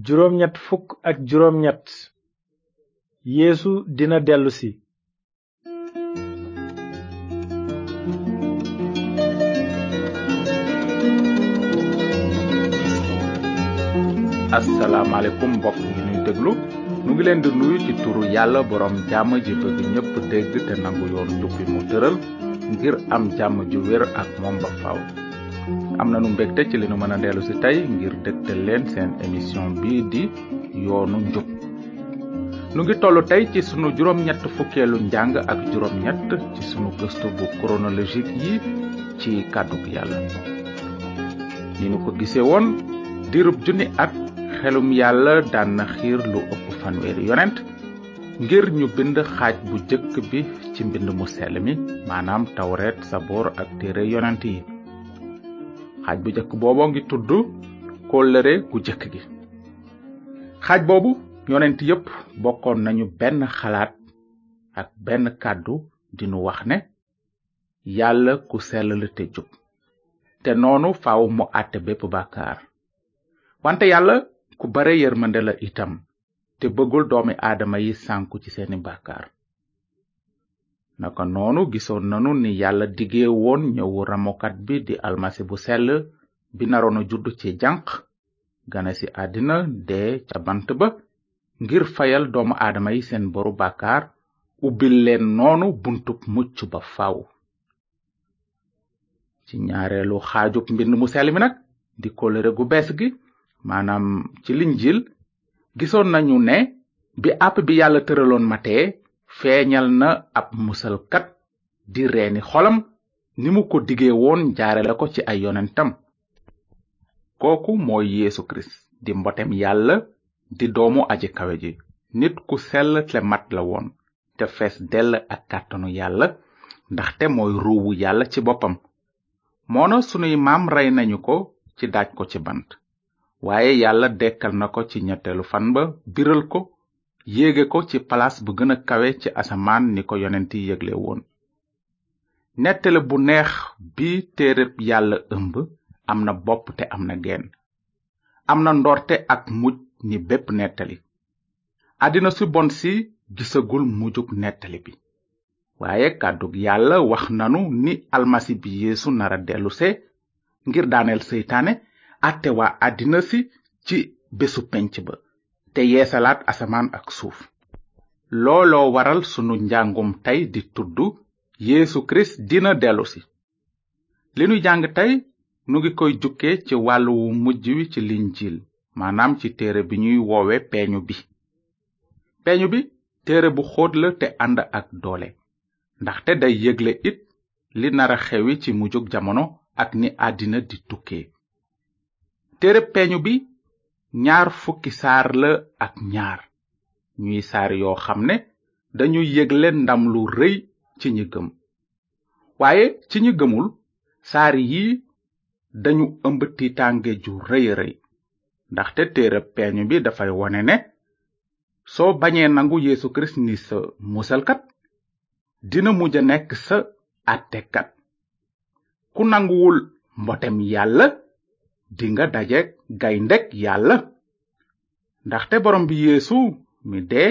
juróom ñett fukk ak juróom ñett yeesu dina dellusi asalaamaaleykum mbokk ngi ñuy déglu nu ngi leen di nuyu ci turu yàlla borom jàmm ji bëgg ñëpp dégg te nangu yoon njubbi mu tëral ngir am jàmm ju wér ak moom ba faw am na nañu mbégte ci li nu mën a dellu tey ngir dégtal leen seen émission bii di yoonu njub nu ngi toll tey ci sunu juróom-ñett fukkeelu njàng ak juróom-ñett ci sunu gëstu bu chronologique yi ci kàddug yàlla ni nu ko gisee woon diirub junni ak xelum yàlla daan na xiir lu ëpp fanweeri yonent ngir ñu bind xaaj bu jëkk bi ci mbind mu sell mi maanaam tawreet saboor ak téere yonent yi xaj bu jëkk boobu ngi tudd kóllëre gu jëkk gi xaj boobu yonent yépp bokkoon nañu benn xalaat ak benn kàddu dinu wax ne yàlla ku sell te jub te noonu faaw mu àtte bépp bàkkaar wante yàlla ku bare yërmande la itam te bëggul doomi aadama yi sànku ci seeni bàkkaar naka noonu gisoon nanu ni yàlla diggee woon ñëwu ramokat bi di almasi bu sell bi naroon a judd ci janq gane ci àddina dee ca bant ba ngir fayal doomu aadama yi seen boru bàkkaar ubbil leen noonu buntub mucc ba faw ci ñaareelu xaajub mbind mu sell mi nag di kóllëre gu bees gi maanaam ci linjil gisoon nañu ne bi àpp bi yàlla tëraloon matee feeñal na ab musalkat di reeni xolam ni mu ko digee woon jaare ko ci ay yonentam kooku mooy yeesu kirist di mbotem yàlla di doomu aji kawe ji nit ku sell te mat la woon te fees dell ak kàttanu yàlla ndaxte mooy ruuwu yàlla ci boppam moona sunuy maam rey nañu ko ci daaj ko ci bant waaye yàlla dekkal na ko ci ñetteelu fan ba biral ko yéege ko ci palaas bu gën a kawe ci asamaan ni ko yonent yi yégle woon nettale bu neex bi téereb yàlla ëmb am na bopp te am na genn am na ndoorte ak mujj ni bépp nettali àddina su bon si gisagul mujjug nettali bi waaye kàddug yàlla wax nanu ni almasi bi yeesu nara delluse ngir daaneel seytaane àtte waa àddina si ci bésu penc ba te yeesalaat asamaan ak suuf looloo waral sunu njàngum tey di tudd yéesu Kirist dina dellusi li nu jàng tey nu ngi koy jukkee ci wàll wu mujj wi ci linjiil maanaam ci téere bi ñuy woowe peeñu bi peeñu bi téere bu xóot la te ànd ak doole ndaxte day yëgle it li nara xewi ci mujjug jamono ak ni àddina di tukkee téere peeñu bi ñaar fukki saar la ak ñaar ñuy saar yoo xam ne dañu yëgle ndam lu rëy ci ñi gëm waaye ci ñi gëmul saar yi dañu ëmb tiitange ju rëy rëy ndaxte téere peeñu bi dafay wone ne soo bañee nangu yeesu kirist ni sa musalkat dina mujj nekk sa attekat ku nanguwul mbotem yàlla dinga dajek gayndek yàlla ndaxte borom bi yesu mi de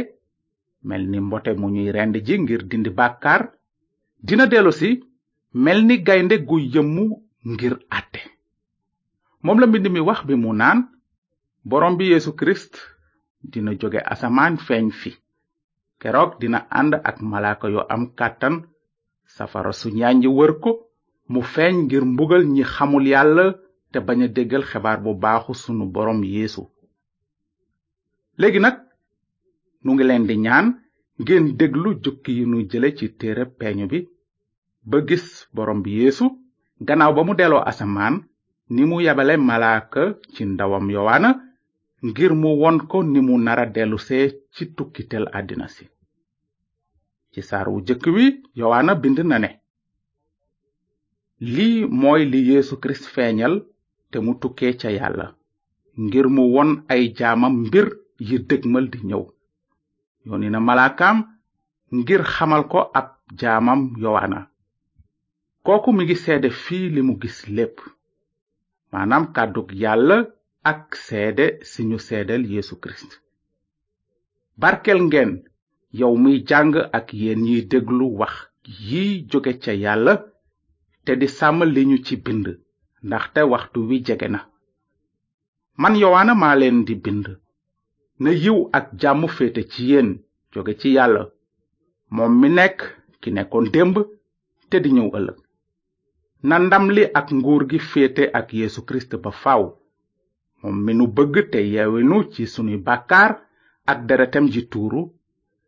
melni mbote mu ñuy rend ji ngir dindi bakkar dina delusi melni ni gaynde gu yëmmu ngir atté mom la mbind mi wax bi mu naan borom bi yesu christ dina joge asaman feeñ fi keroog dina ànd ak malaaka yu am kàttan safara su ñaañi wër ko mu feeñ ngir mbugal ñi xamul yàlla te bañ a déggal xebaar bu baaxu sunu borom yeesu léegi nag nu ngi leen di ñaan ngeen déglu jukki yi nu jële ci téere peeñu bi ba gis boroom bi yéesu gannaaw ba mu delloo asamaan ni mu yabale malaaka ci ndawam yowaana ngir mu won ko ni mu nara dellusee ci tukkitel àddina si ci saar wu jëkk wi yowaana bind na ne lii mooy li yeesu kirist feeñal te mu tukkee ca yàlla ngir mu won ay jaamam mbir yi dëgmal di ñëw yoni na malaakaam ngir xamal ko ab jaamam yowaana kooku mi ngi seede fii li mu gis lépp maanaam kàddug yàlla ak seede si ñu seedal yeesu kirist barkel ngeen yow muy jàng ak yéen ñiy déglu wax yi joge ca yàlla te di sàmm li ci bind ndax te waxtu wi jege na man yowaana ma leen di bind na yiw ak jàmmu féete ci yéen jóge ci yàlla moom mi nekk ki nekkoon démb te di ñëw ëllëg na ndam li ak nguur gi féete ak yeesu kirist ba faaw moom mi nu bëgg te yewinu ci sunuy bàkkaar ak deretem ji tuuru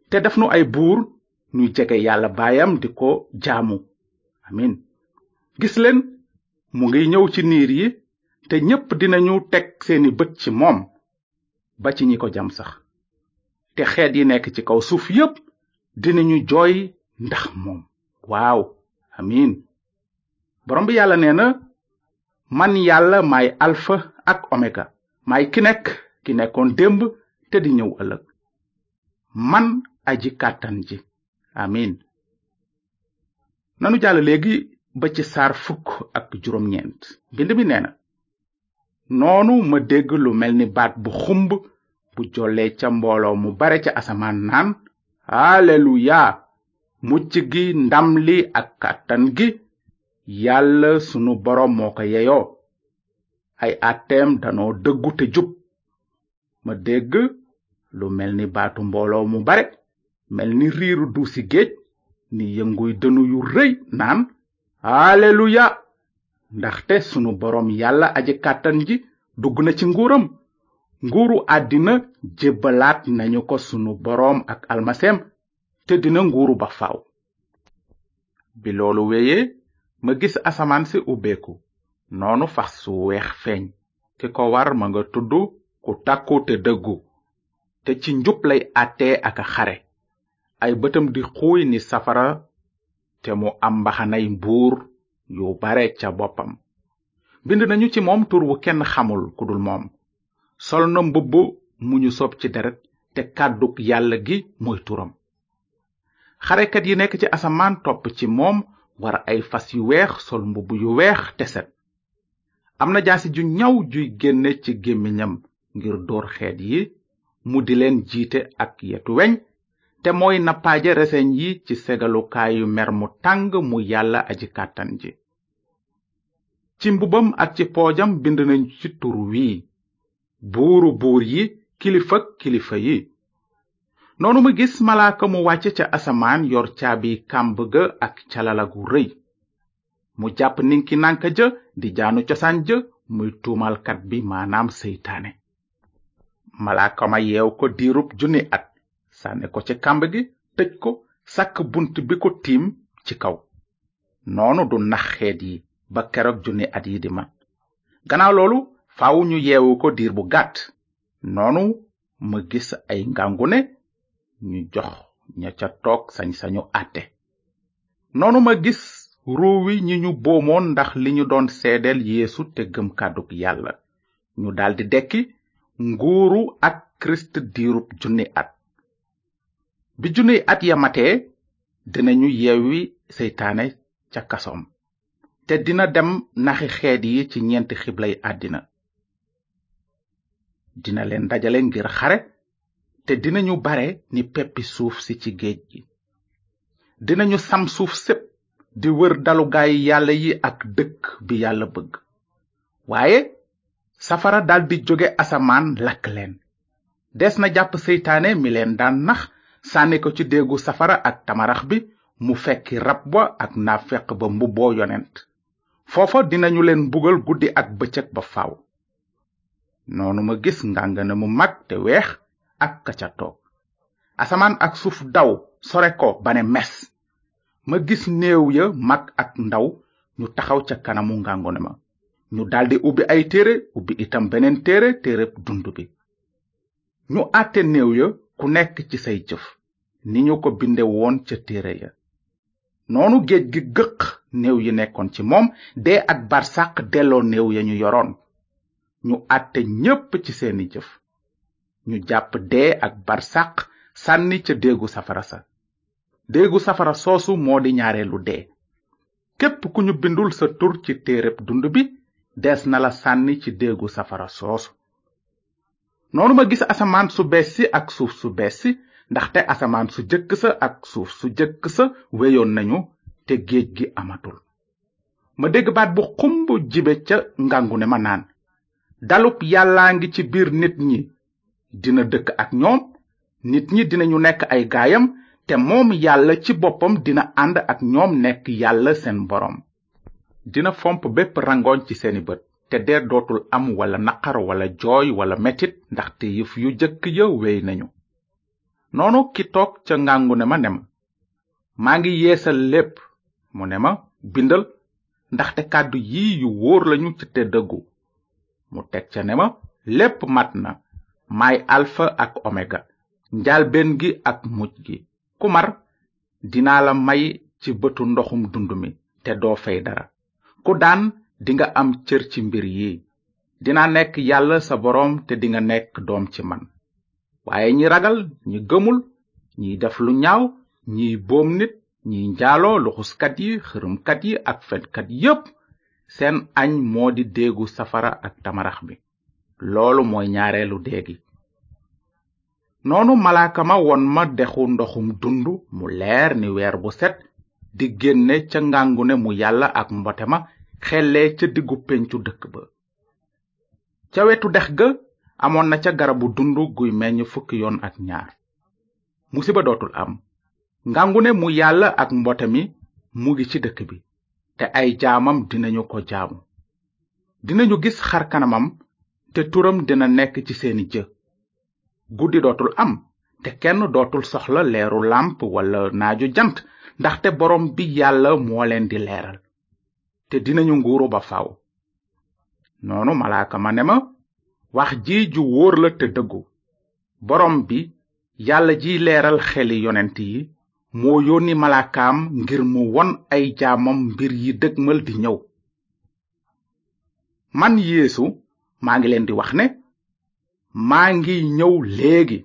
te def nu ay buur ñuy jege yàlla baayam di ko jaamu amin gis leen mu ngi ñëw ci niir yi te ñépp dinañu teg seeni bët ci moom ba ci ñi ko jam sax te xeet yi nekk ci kaw suuf yépp dinañu jooy ndax moom waaw amin borom bi yàlla nee na man yàlla may alfa ak omega may ki nekk ki nekkoon démb te di ñëw ëllëg man aji kàttan ji amin nanu jàll léegi ba ci saar ak juróom-ñeent mbind mi nee na noonu ma dégg lu mel ni baat bu xumb bu jollee ca mbooloo mu bare ca asamaan naan haleluya mucc gi ndam li ak kàttan gi yàlla sunu boroom moo ko yeyoo ay àtteem danoo dëggu te jub ma dégg lu mel ni baatu mbooloo mu bare mel ni riiru duusi géej ni yënguy dënu yu rëy naan haleluya ndaxte sunu boroom yàlla aji kàttan ji dugg na ci nguuram nguuru àddina jébbalaat nañu ko sunu boroom ak almaseem te dina nguuru ba faaw bi loolu wéyee ma gis asamaan si ubbeeku noonu fas su weex feeñ ki ko war ma nga tudd ku takku te dëggu te ci njub lay àttee ak a xare ay bëtam di xuuy ni safara te mu am mbaxanay buur yu bare ca boppam bind nañu ci moom tur wu kenn xamul ku dul moom sol na mbubb mu ñu sob ci deret te kàddug yàlla gi mooy turam xarekat yi nekk ci asamaan topp ci moom war ay fas yu weex sol mbubb yu weex te set am na jaasi ju ñaw juy génne ci gémmiñam ngir door xeet yi mu di leen jiite ak yetu weñ te na paje resen yi ci kayu mer mu tang mu yalla aji katan ji ci mbubam ak ci pojam bind nañ ci tur wi buru bur yi kilifa kilifa yi nonu mu gis malaka mu wacce ci asaman yor chabi kàmb ga ak calala gu reuy mu japp ninki nanka je di jaanu cosaan je muy kat bi manam seytane malaka ma yew ko dirup junni at sànni ko ci kàmb gi tëj ko sàkk bunt bi ko tiim ci kaw noonu du nax xeet yi ba keroog junni at yi di mat gannaaw loolu faaw ñu yeewu ko diir bu gàtt noonu ma gis ay ngàngune ñu jox ña ca toog sañ-sañu àtte noonu ma gis ruuwi ñi ñu boomoon ndax li ñu doon seedeel yeesu te gëm kàddu yàlla ñu daldi dekki nguuru ak kirist diirub junni at bi junniy at yamatee matee dinañu yewwi seytaane ca kasom te dina dem naxi xeet yi ci ñeenti xiblay àddina dina leen dajale ngir xare te dinañu bare ni peppi suuf si ci géej gi dinañu sam suuf sépp di wër dalugaay yàlla yi ak dëkk bi yàlla bëgg waaye safara dal daldi jóge asamaan lakk leen des na jàpp seytaane mi leen daan nax sànni ko ci déggu safara ak tamarax bi mu fekki rab wa ak naafeq ba mbubboo yonent foofa dinañu leen bugal guddi ak bëccëg ba faaw noonu ma gis ngàngana mu mag te weex ak ka asamaan ak suuf daw sore ko ba ne mes ma gis néew ya mag ak ndaw ñu taxaw ca kanamu ngàngone ma ñu daldi ubbi ay téere ubbi itam beneen téere téere dund bi ñu àtte néew ya ku nekk ci say jëf ni ñu ko binde woon ca téere ya noonu géej gi gëq néew yi nekkoon ci moom dee ak barsàq delloo néew ya ñu yoroon ñu àtte ñépp ci seeni jëf ñu jàpp dee ak barsàq sànni ca déegu safara sa déegu safara soosu moo di ñaareelu dee képp ku ñu bindul sa tur ci téere dund bi des na la sànni ci déegu safara soosu noonu ma gis asamaan su bees si ak suuf su bees si ndaxte asamaan su jëkk sa ak suuf su jëkk sa weyoon nañu te géej gi amatul ma dégg baat bu xumb jibe ca ngangu ne ma naan dalub yàllaa ngi ci biir nit ñi dina dëkk ak ñoom nit ñi dinañu nekk ay gaayam te moom yàlla ci boppam dina ànd ak ñoom nekk yàlla seen boroom dina fomp bépp rangoon ci seeni bët te dee dootul am walla naqar wala jooy wala metit ndaxte yëf yu jëkk ya wey nañu noonu ki toog ca ngàngu ma ne ma maa ngi yeesal lépp mu ne ma bindal ndaxte kàddu yi yu wóor lañu ci te mu teg ca ne ma lépp mat na may alfa ak omega njaalbeen gi ak mujj gi ku mar dinaa la may ci bëtu ndoxum dund mi te doo fay dara ku daan dinga am cër ci mbir yi dina nekk yàlla sa boroom te dinga nekk doom ci man waaye ñi ragal ñi gëmul ñiy def lu ñaaw ñi boom nit ñiy njaaloo luxuskat yi xërëmkat yi ak fenkat yépp seen añ moo di déegu safara ak tamarax bi loolu mooy ñaareelu déegi noonu malaaka ma won ma dexu ndoxum dund mu leer ni weer bu set di génne ca ngàngune mu yàlla ak mbote ma xellee ca diggu péncu dëkk ba ca wetu dex ga amoon na ca garabu dund guy meññ fukki yoon ak ñaar musiba dootul am ngangu ne mu yàlla ak mbote mi mu ngi ci dëkk bi te ay jaamam dinañu ko jaamu dinañu gis xar kanamam te turam dina nekk ci seeni jë guddi dootul am te kenn dootul soxla leeru làmp walla naaju jant ndaxte boroom bi yàlla moo leen di leeral te dinañu nguuru ba faaw noonu malaaka ma ne ma wax ji ju wóor la te dëggu borom bi yàlla ji leeral xeli yonent yi moo yónni malaakaam ngir mu won ay jaamam mbir yi dëgmal di ñëw man yeesu maa ngi leen di wax ne maa ngi ñëw léegi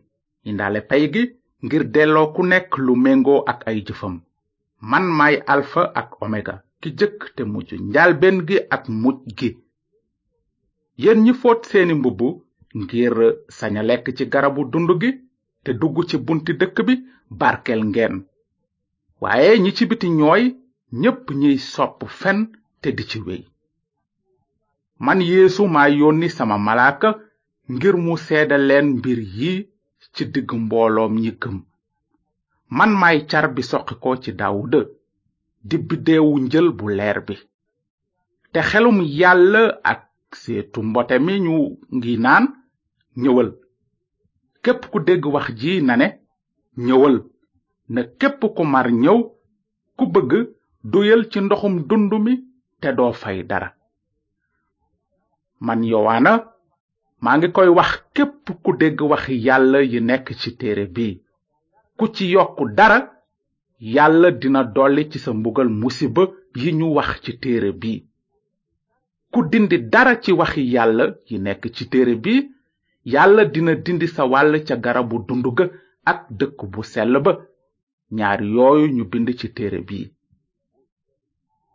indaale pay gi ngir delloo ku nekk lu méngoo ak ay jëfam man maay alfa ak omega ki jëkk te mujj njaalbeen gi ak mujj gi yéen ñi fóot seeni mbubb ngir saña lekk ci garabu dund gi te dugg ci bunti dëkk bi barkeel ngeen waaye ñi ci biti ñooy ñépp ñiy sopp fen te di ci wéy man yeesu maa yónni sama malaaka ngir mu seede leen mbir yi ci digg mbooloom ñi gëm man maay car bi soqi ko ci daawuda di njël bu leer bi te xelum yàlla ak seetu mbote mi ñu ngi naan ñëwal képp ku dégg wax ji na ne ñëwal na képp ku mar ñëw ku bëgg duyal ci ndoxum dund mi te doo fay dara man yowaana maa ngi koy wax képp ku dégg waxi yàlla yi nekk ci téere bi ku ci yokk dara yàlla dina dolli ci sa mbugal musiba yi ñu wax ci téere bi ku dindi dara ci waxi yàlla yi nekk ci téere bi yàlla dina dindi sa wàll ca garabu dund ga ak dëkk bu sell ba ñaar yooyu ñu bind ci téere bi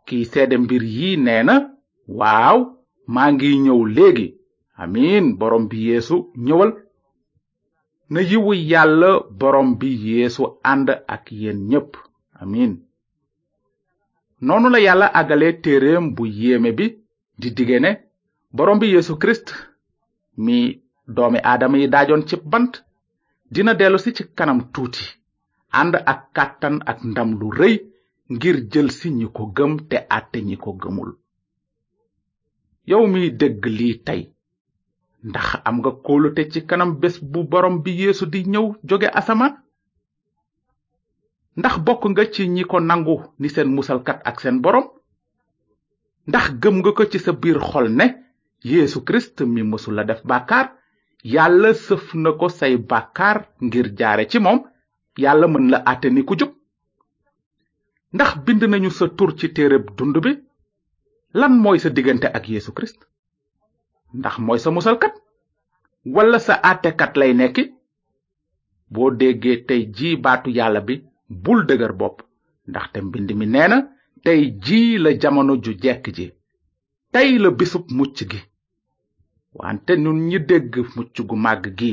kiy seede mbir yi nee na waaw maa ngi ñëw léegi amin borom bi yeesu ñëwal na yiwu yàlla borom bi yeesu ànd ak yéen ñépp amiin noonu la yàlla àggale téereem bu yéeme bi di dige ne borom bi yeesu kirist mi doomi aadama yi daajoon ci bant dina dellusi ci kanam tuuti ànd ak kàttan ak ndam lu rëy ngir jëlsi ñi ko gëm te àtte ñi ko gëmul yow mi dégg lii tey ndax am nga kóolute ci kanam bés bu borom bi yeesu di ñëw jóge asama ndax bokk nga ci ñi ko nangu ni seen musalkat ak seen borom ndax gëm nga ko ci sa biir xol ne yeesu kirist mi musula def bàkkaar yàlla sëf na ko say bakar ngir jaare ci moom yàlla mën la àtte ni ku jub ndax bind nañu sa tur ci dund bi lan mooy sa diggante ak yeesu kirist ndax mooy sa musalkat walla sa àttekat lay nekki boo déggee tey ji baatu yàlla bi bul dëgër bopp ndaxte mbind mi nee na tey ji la jamono ju jekk ji tey la bisub mucc gi wante ñun ñi dégg mucc gu màgg gi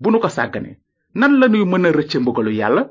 bu nu ko sàgganee nan lanuy mën a rëcce mbugalu yàlla